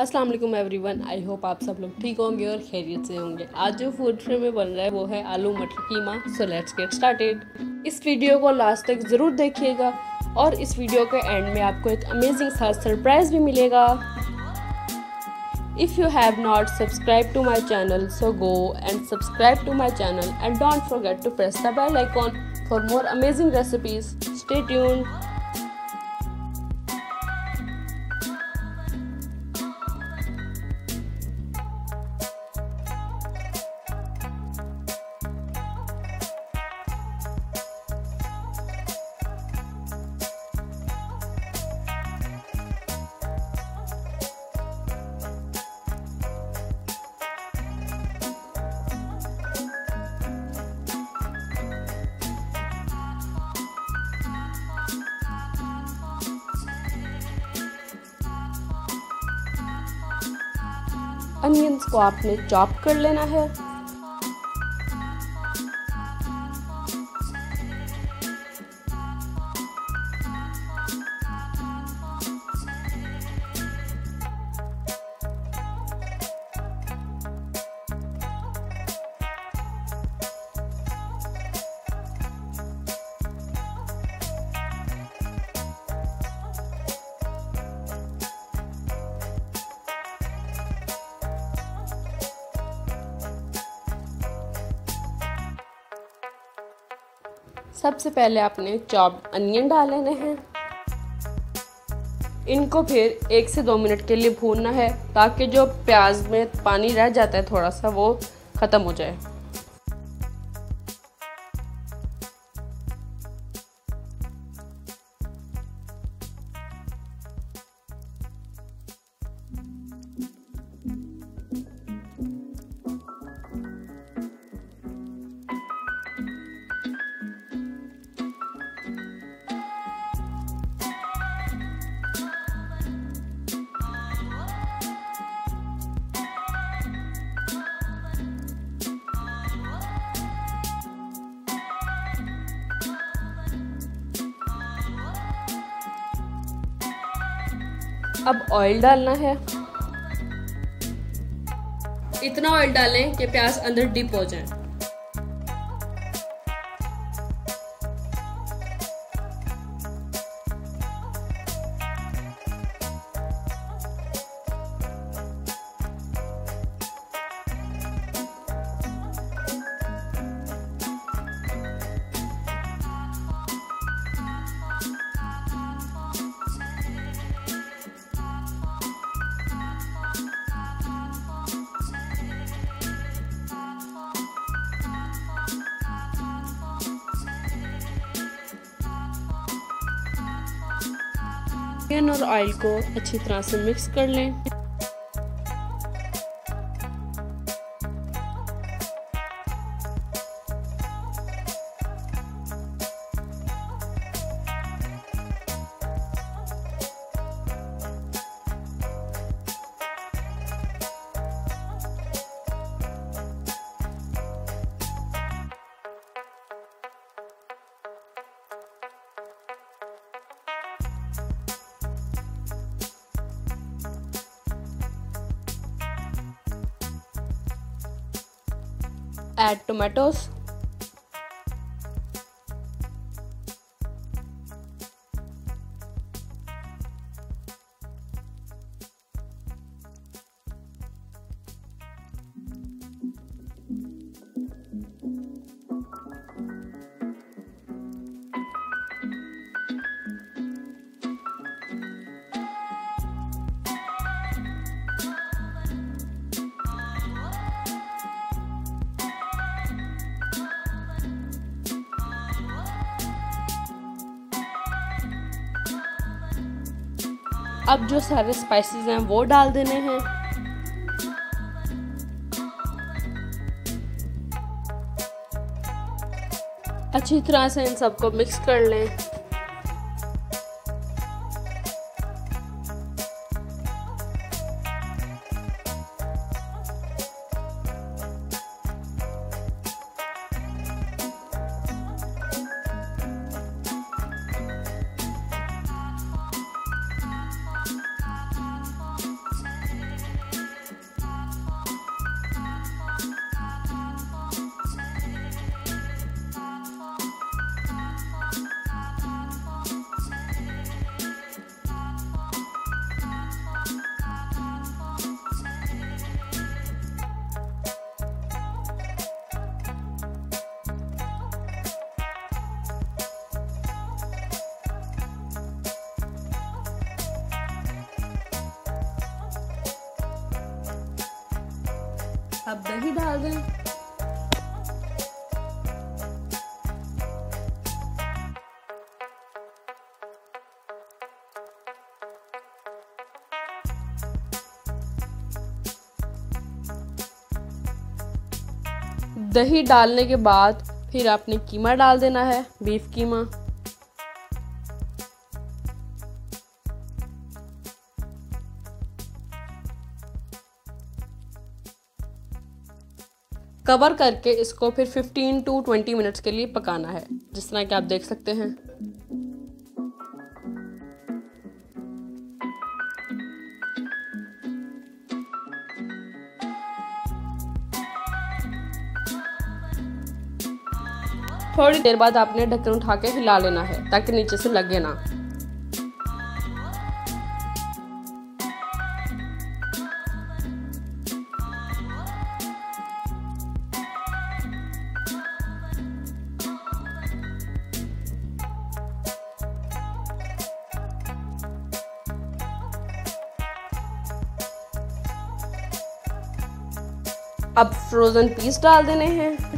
Aslam everyone I hope आप सब लोग ठीक होंगे और खैरियत से होंगे आज जो फूड फ्रेम में बन रहा है वो है आलू मटर कीमा सो लेट्स गेट स्टार्टेड इस वीडियो को लास्ट तक ज़रूर देखिएगा और इस वीडियो के एंड में आपको एक अमेजिंग सा सरप्राइज भी मिलेगा if you have not subscribe to my channel so go and subscribe to my channel and don't forget to press the for more amazing recipes stay onions को आपने chop कर लेना है सबसे पहले आपने चॉप अनियन डाल लेने हैं इनको फिर एक से दो मिनट के लिए भूनना है ताकि जो प्याज में पानी रह जाता है थोड़ा सा वो ख़त्म हो जाए अब ऑयल डालना है इतना ऑयल डालें कि प्याज अंदर डिप हो जाए पैन और ऑयल को अच्छी तरह से मिक्स कर लें add tomatoes अब जो सारे स्पाइसेस हैं वो डाल देने हैं अच्छी तरह से इन सबको मिक्स कर लें अब दही डाल दें दही डालने के बाद फिर आपने कीमा डाल देना है बीफ कीमा कवर करके इसको फिर 15 टू 20 मिनट्स के लिए पकाना है जिस तरह कि आप देख सकते हैं थोड़ी देर बाद आपने ढक्कन उठा के हिला लेना है ताकि नीचे से लगे ना अब फ्रोज़न पीस डाल देने हैं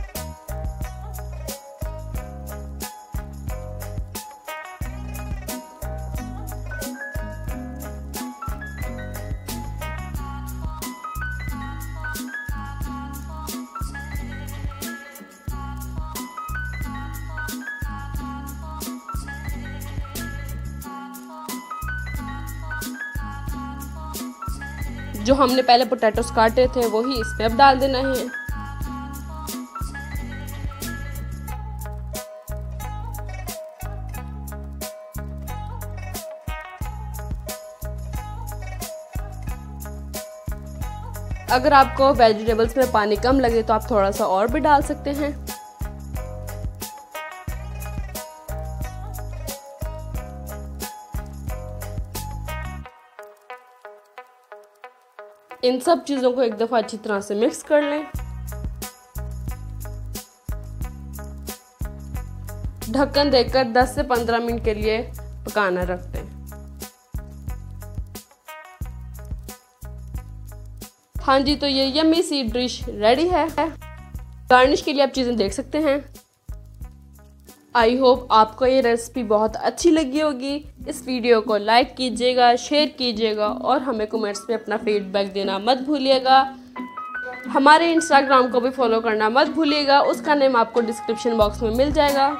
जो हमने पहले पोटैटोस काटे थे वही इसमें अब डाल देना है अगर आपको वेजिटेबल्स में पानी कम लगे तो आप थोड़ा सा और भी डाल सकते हैं इन सब चीज़ों को एक दफ़ा अच्छी तरह से मिक्स कर लें ढक्कन देकर 10 से 15 मिनट के लिए पकाना रख दें हाँ जी तो ये यमी सी डिश रेडी है गार्निश के लिए आप चीज़ें देख सकते हैं आई होप आपको ये रेसिपी बहुत अच्छी लगी होगी इस वीडियो को लाइक कीजिएगा शेयर कीजिएगा और हमें कमेंट्स में अपना फीडबैक देना मत भूलिएगा हमारे इंस्टाग्राम को भी फॉलो करना मत भूलिएगा उसका नेम आपको डिस्क्रिप्शन बॉक्स में मिल जाएगा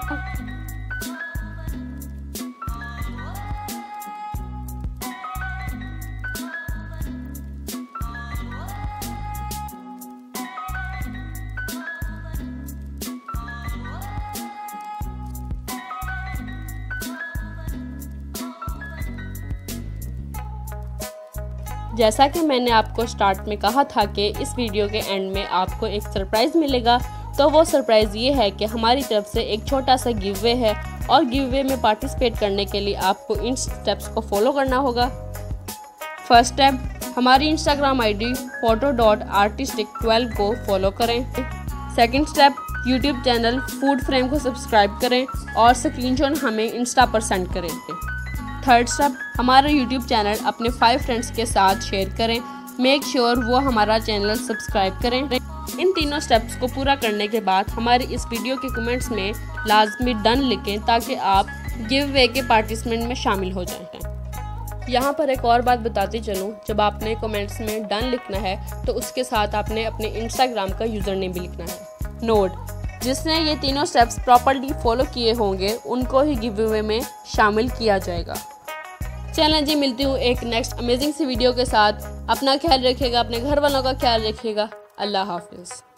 जैसा कि मैंने आपको स्टार्ट में कहा था कि इस वीडियो के एंड में आपको एक सरप्राइज़ मिलेगा तो वो सरप्राइज़ ये है कि हमारी तरफ से एक छोटा सा गिव वे है और गिव वे में पार्टिसिपेट करने के लिए आपको इन स्टेप्स को फॉलो करना होगा फर्स्ट स्टेप हमारी Instagram ID photo dot artist twelve को फॉलो करें second step YouTube channel Food Frame को सब्सक्राइब करें और स्क्रीनशॉट हमें इंस्टा पर सेंड करें थर्ड सब हमारा यूट्यूब चैनल अपने फाइव फ्रेंड्स के साथ शेयर करें मेक श्योर sure वो हमारा चैनल सब्सक्राइब करें इन तीनों स्टेप्स को पूरा करने के बाद हमारी इस वीडियो के कमेंट्स में लाजमी डन लिखें ताकि आप गिव वे के पार्टिसिपेंट में शामिल हो जाएं यहाँ पर एक और बात बताते चलूँ जब आपने कमेंट्स में डन लिखना है तो उसके साथ आपने अपने इंस्टाग्राम का यूज़र नेम भी लिखना है नोट जिसने ये तीनों स्टेप्स प्रॉपरली फॉलो किए होंगे उनको ही गिव अवे में शामिल किया जाएगा चैनल जी मिलती हूँ एक नेक्स्ट अमेजिंग सी वीडियो के साथ अपना ख्याल रखिएगा अपने घर वालों का ख्याल रखिएगा अल्लाह हाफिज़